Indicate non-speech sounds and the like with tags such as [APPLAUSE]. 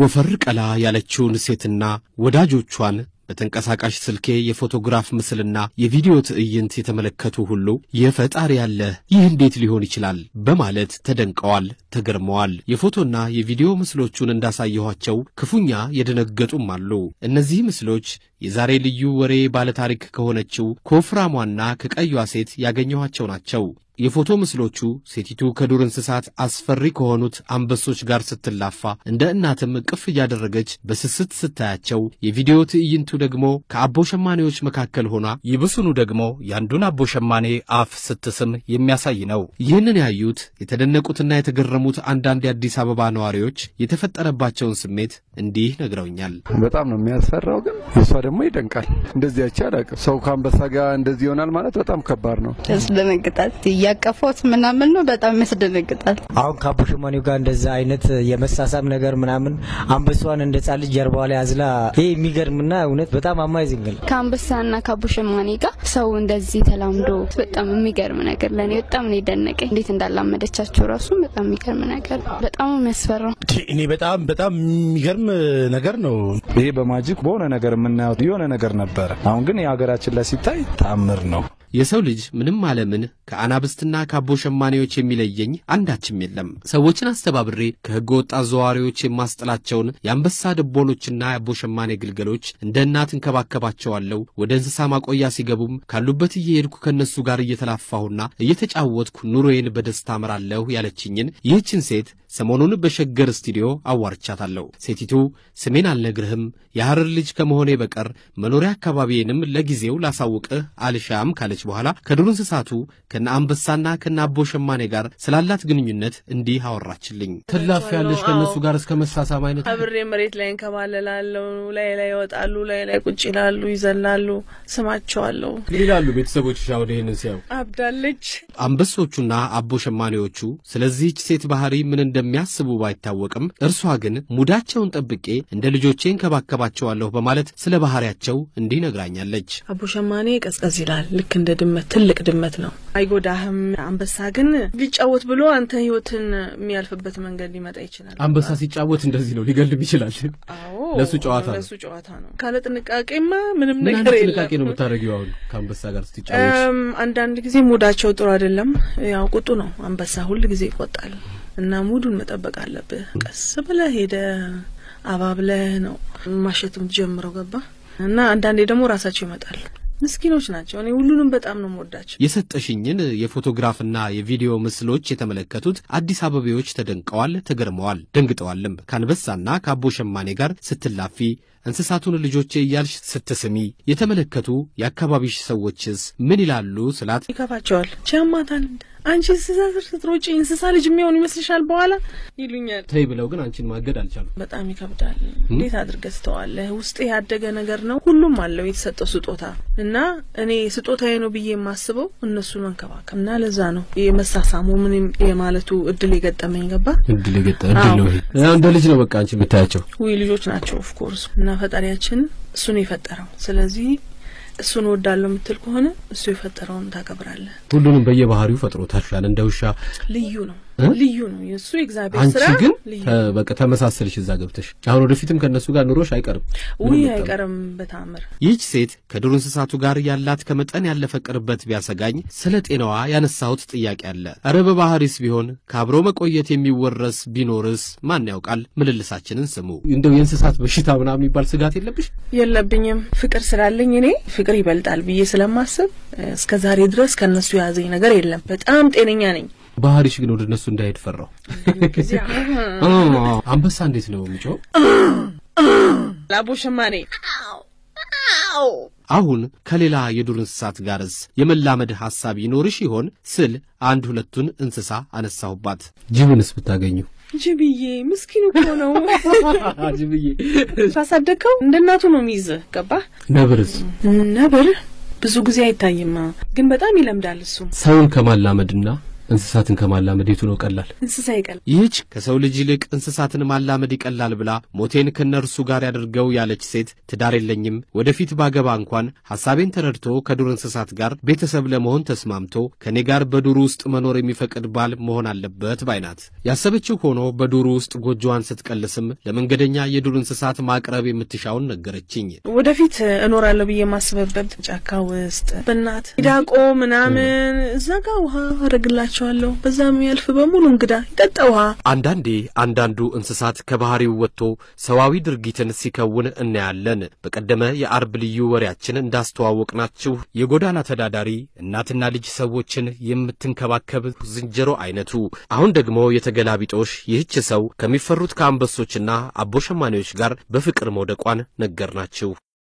ወፈር ቀላ ያለችውን ሴትና ወዳጆቿን በተንቀሳቃሽ ስልኬ የፎቶግራፍ ምስልና የቪዲዮ ትዕይንት የተመለከቱ ሁሉ የፈጣሪ ያለ ይህ እንዴት ሊሆን ይችላል በማለት ተደንቀዋል፣ ተገርመዋል። የፎቶና የቪዲዮ ምስሎቹን እንዳሳየኋቸው ክፉኛ የደነገጡም አሉ። እነዚህ ምስሎች የዛሬ ልዩ ወሬ ባለታሪክ ከሆነችው ከወፍራሟና ከቀዩዋ ሴት ያገኘኋቸው ናቸው። የፎቶ ምስሎቹ ሴቲቱ ከዱር እንስሳት አስፈሪ ከሆኑት አንበሶች ጋር ስትላፋ እንደ እናትም እቅፍ እያደረገች በስስት ስታያቸው፣ የቪዲዮ ትዕይንቱ ደግሞ ከአቦ ሸማኔዎች መካከል ሆና ይብሱኑ ደግሞ የአንዱን አቦ ሸማኔ አፍ ስትስም የሚያሳይ ነው። ይህንን ያዩት የተደነቁትና የተገረሙት አንዳንድ የአዲስ አበባ ነዋሪዎች የተፈጠረባቸውን ስሜት እንዲህ ነግረውኛል። በጣም ነው የሚያስፈራው፣ ግን እሷ ደግሞ ይደንቃል። እንደዚህ አይቼ ሰው ከአንበሳ ጋር እንደዚህ ይሆናል ማለት በጣም ከባድ ነው። ያስደነግጣል። እያቀፏት ምናምን ነው። በጣም ያስደነግጣል። አሁን ካፑሽማኒው ጋር እንደዛ አይነት የመሳሳም ነገር ምናምን አንበሷን እንደ ጻ ልጅ ጀርባዋ ላይ አዝላ ይሄ የሚገርምና እውነት በጣም አማይዚንግ ነው። ከአንበሳና ካፑሽማኒ ጋር ሰው እንደዚህ ተላምዶ በጣም የሚገርም ነገር ለእኔ በጣም ነው የደነቀኝ። እንዴት እንዳላመደቻቸው ራሱ በጣም የሚገርም ነገር በጣም የሚያስፈራው እኔ በጣም በጣም የሚገርም ነገር ነው። ይሄ በማጅክ በሆነ ነገር የምናየው የሆነ ነገር ነበረ። አሁን ግን የሀገራችን ላይ ሲታይ ተአምር ነው። የሰው ልጅ ምንም አለምን ከአናብስትና ከአቦ ሸማኔዎች የሚለየኝ አንዳችም የለም። ሰዎችን አስተባብሬ ከሕገ ወጥ አዘዋዋሪዎች የማስጥላቸውን የአንበሳ ደቦሎችና የአቦ ሸማኔ ግልገሎች እንደ እናት እንከባከባቸዋለሁ። ወደ እንስሳ ማቆያ ሲገቡም ካሉበት እየሄድኩ ከእነሱ ጋር እየተላፋሁና እየተጫወትኩ ኑሮዬን በደስታ አምራለሁ ያለችኝን ይህችን ሴት ሰሞኑን በሸገር ስቱዲዮ አዋርቻታለሁ። ሴቲቱ ስሜን አልነግርህም የሐረር ልጅ ከመሆኔ በቀር መኖሪያ አካባቢዬንም ለጊዜው ላሳውቅህ አልሻም ካለች በኋላ ከዱር እንስሳቱ ከነ አንበሳና ከነ አቦ ሸማኔ ጋር ስላላት ግንኙነት እንዲህ አወራችልኝ። ትላፍ ያለች ከእነሱ ጋር እስከ መሳሳም አይነት አብሬ መሬት ላይ እንከባለላለሁ። ላይ ላይ ይወጣሉ፣ ላይ ላይ ቁጭ ይላሉ፣ ይዘላሉ፣ ስማቸዋለሁ ይላሉ ቤተሰቦች። ወደ ይህንን ሲያዩ አብዳለች። አንበሶቹና አቦ ሸማኔዎቹ ስለዚህች ሴት ባህሪ ምን እንደሚያስቡ ባይታወቅም እርሷ ግን ሙዳቸውን ጠብቄ እንደ ልጆቼ እንከባከባቸዋለሁ በማለት ስለ ባህሪያቸው እንዲህ ነግራኛለች። አቦሸማኔ ቀዝቀዝ ይላል። ልክ እንደ ድመት ትልቅ ድመት ነው፣ አይጎዳህም። አንበሳ ግን ሊጫወት ብሎ አንተ ህይወትን የሚያልፍበት መንገድ ሊመጣ ይችላል። አንበሳ ሲጫወት እንደዚህ ነው፣ ሊገልም ይችላል። ለሱ ጨዋታ ለሱ ጨዋታ ነው። ካለ ጥንቃቄማ ምንም ነገር የለም። ጥንቃቄ ነው የምታደርጊው አሁን ከአንበሳ ጋር ስትጫወች። አንዳንድ ጊዜ ሙዳቸው ጥሩ አይደለም። ያው ቁጡ ነው አንበሳ፣ ሁል ጊዜ ይቆጣል። እና ሙዱን መጠበቅ አለብህ። ቀስ ብለህ ሄደ አባብለህ ነው ማሸት የምትጀምረው። ገባ እና አንዳንዴ ደግሞ ራሳቸው ይመጣል። ምስኪኖች ናቸው። እኔ ሁሉንም በጣም ነው የምወዳቸው። የሰጠሽኝን የፎቶግራፍና የቪዲዮ ምስሎች የተመለከቱት አዲስ አበቤዎች ተደንቀዋል፣ ተገርመዋል፣ ደንግጠዋልም። ከአንበሳና ከአቦ ሸማኔ ጋር ስትላፊ እንስሳቱን ልጆቼ እያልሽ ስትስሚ የተመለከቱ የአካባቢሽ ሰዎችስ ምን ይላሉ ስላት፣ ይከፋቸዋል ቻማታል አንቺ እንስሳ ስር ስትሮጪ እንስሳ ልጅ የሚሆን ይመስልሻል? በኋላ ይሉኛል። ተይ ብለው ግን አንቺን ማገድ አልቻሉ። በጣም ይከብዳል። እንዴት አድርገህ ስተዋለህ? ውስጥ ያደገ ነገር ነው። ሁሉም አለው የተሰጠው ስጦታ እና እኔ ስጦታዬ ነው ብዬ የማስበው እነሱን መንከባከብ እና ለዛ ነው የመሳሳሙ ምንም የማለቱ እድል የገጠመኝ ገባ እድል እንደ ልጅ ነው በቃ አንቺ የምታያቸው ውይ ልጆች ናቸው ኦፍኮርስ እና ፈጣሪያችን እሱን የፈጠረው ስለዚህ እሱን ወዳለው የምትል ከሆነ እሱ የፈጠረውን ታከብራለህ። ሁሉንም በየባህሪው ፈጥሮታል። እንደ ውሻ ልዩ ነው። ልዩ ነው የእሱ የእግዚአብሔር ስራ። አንቺ ግን በቃ ተመሳሰልሽ እዛ ገብተሽ አሁን ወደፊትም ከእነሱ ጋር ኑሮሽ አይቀርም። ውይ አይቀርም በታምር። ይህች ሴት ከዱር እንስሳቱ ጋር ያላት ከመጠን ያለፈ ቅርበት ቢያሰጋኝ ስለ ጤናዋ ያነሳሁት ጥያቄ አለ። እረ በባህሪስ ቢሆን ከአብሮ መቆየት የሚወረስ ቢኖርስ ማን ያውቃል? ምልልሳችንን ስሙ። እንደው የእንስሳት በሽታ ምናምን የሚባል ስጋት የለብሽ? የለብኝም። ፍቅር ስላለኝ እኔ ፍቅር ይበልጣል ብዬ ስለማስብ እስከ ዛሬ ድረስ ከእነሱ የያዘኝ ነገር የለም። በጣም ጤነኛ ነኝ። ባህሪሽ ግን ወደ እነሱ እንዳይሄድ ፈራው። [LAUGHS] አንበሳ እንዴት ነው የሚጮህ? ላቦ ሸማኔ። አሁን ከሌላ የዱር እንስሳት ጋርስ የመላመድ ሐሳብ ይኖርሽ ይሆን ስል አንድ ሁለቱን እንስሳ አነሳሁባት። ጅብንስ ብታገኙ ጅብዬ ምስኪን እኮ ነው። [LAUGHS] ጅብዬ ካሳደግከው እንደ እናቱ ነው የሚይዝህ። ገባ ነብርስ? ነብር ብዙ ጊዜ አይታይም፣ ግን በጣም ይለምዳል። እሱ ሰውን ከማላመድና እንስሳትን ከማላመድ የቱ ነው ቀላል? እንስሳ ይቀላል። ይህች ከሰው ልጅ ይልቅ እንስሳትን ማላመድ ይቀላል ብላ ሞቴን ከነርሱ ጋር ያድርገው ያለች ሴት ትዳር የለኝም ወደፊት ባገባ እንኳን ሐሳቤን ተረድቶ ከዱር እንስሳት ጋር ቤተሰብ ለመሆን ተስማምቶ ከእኔ ጋር በዱር ውስጥ መኖር የሚፈቅድ ባል መሆን አለበት ባይናት። ያሰበችው ሆኖ በዱር ውስጥ ጎጆዋን ስትቀልስም ለመንገደኛ የዱር እንስሳት ማቅረብ የምትሻውን ነገረችኝ። ወደፊት እኖራለሁ ብዬ የማስበበት ጫካ ውስጥ በናት ዳቆ ምናምን እዛ ውሃ አረግላቸው እላቸዋለሁ። በዛ የሚያልፍ በሙሉ እንግዳ ይጠጣ ውሃ። አንዳንዴ አንዳንዱ እንስሳት ከባህሪው ወጥቶ ሰዋዊ ድርጊትን ሲከውን እናያለን። በቀደመ የአርብ ልዩ ወሬያችን እንዳስተዋወቅናችሁ የጎዳና ተዳዳሪ እናትና ልጅ ሰዎችን የምትንከባከብ ዝንጀሮ አይነቱ አሁን ደግሞ የተገላቢጦሽ ይህች ሰው ከሚፈሩት ከአንበሶችና አቦሸማኔዎች ጋር በፍቅር መውደቋን ነገርናችሁ።